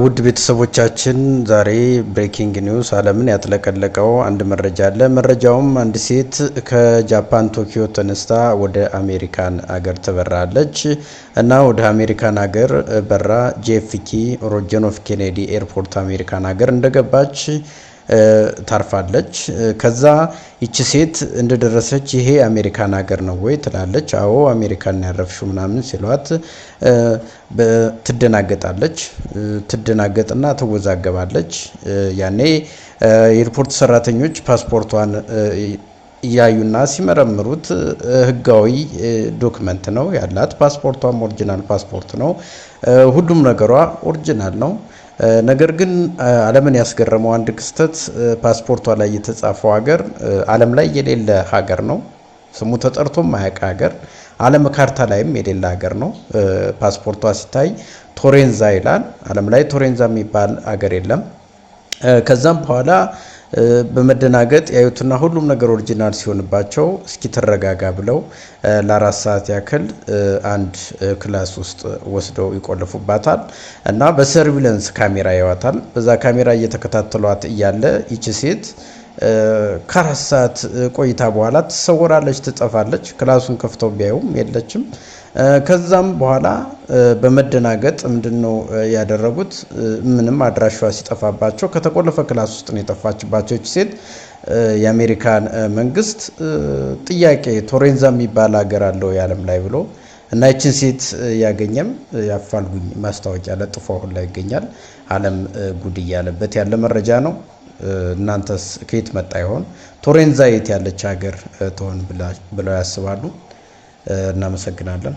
ውድ ቤተሰቦቻችን ዛሬ ብሬኪንግ ኒውስ ዓለምን ያጥለቀለቀው አንድ መረጃ አለ። መረጃውም አንድ ሴት ከጃፓን ቶኪዮ ተነስታ ወደ አሜሪካን አገር ትበራለች እና ወደ አሜሪካን አገር በራ ጄፍኪ ሮጀኖፍ ኬኔዲ ኤርፖርት አሜሪካን አገር እንደገባች ታርፋለች። ከዛ ይቺ ሴት እንደደረሰች ይሄ አሜሪካን ሀገር ነው ወይ ትላለች። አዎ አሜሪካን ያረፍሽው ምናምን ሲሏት ትደናገጣለች። ትደናገጥና ትወዛገባለች። ያኔ የኤርፖርት ሰራተኞች ፓስፖርቷን እያዩና ሲመረምሩት ህጋዊ ዶክመንት ነው ያላት። ፓስፖርቷም ኦሪጂናል ፓስፖርት ነው። ሁሉም ነገሯ ኦሪጂናል ነው። ነገር ግን ዓለምን ያስገረመው አንድ ክስተት ፓስፖርቷ ላይ የተጻፈው ሀገር ዓለም ላይ የሌለ ሀገር ነው። ስሙ ተጠርቶ ማያውቅ ሀገር ዓለም ካርታ ላይም የሌለ ሀገር ነው። ፓስፖርቷ ሲታይ ቶሬንዛ ይላል። ዓለም ላይ ቶሬንዛ የሚባል ሀገር የለም። ከዛም በኋላ በመደናገጥ ያዩትና ሁሉም ነገር ኦሪጂናል ሲሆንባቸው እስኪ ተረጋጋ ብለው ለአራት ሰዓት ያክል አንድ ክላስ ውስጥ ወስደው ይቆልፉባታል እና በሰርቪለንስ ካሜራ ያዋታል። በዛ ካሜራ እየተከታተሏት እያለ ይቺ ሴት ከአራት ሰዓት ቆይታ በኋላ ትሰወራለች፣ ትጠፋለች። ክላሱን ከፍተው ቢያዩም የለችም። ከዛም በኋላ በመደናገጥ ምንድን ነው ያደረጉት? ምንም አድራሿ ሲጠፋባቸው ከተቆለፈ ክላስ ውስጥ ነው የጠፋችባቸው ይች ሴት። የአሜሪካን መንግስት ጥያቄ ቶሬንዛ የሚባል ሀገር አለው የዓለም ላይ ብሎ እና ይችን ሴት ያገኘም ያፋልጉኝ ማስታወቂያ ለጥፎ አሁን ላይ ይገኛል። ዓለም ጉድ እያለበት ያለ መረጃ ነው። እናንተስ ከየት መጣ ይሆን? ቶሬንዛ የት ያለች ሀገር ትሆን ብለው ያስባሉ? እናመሰግናለን።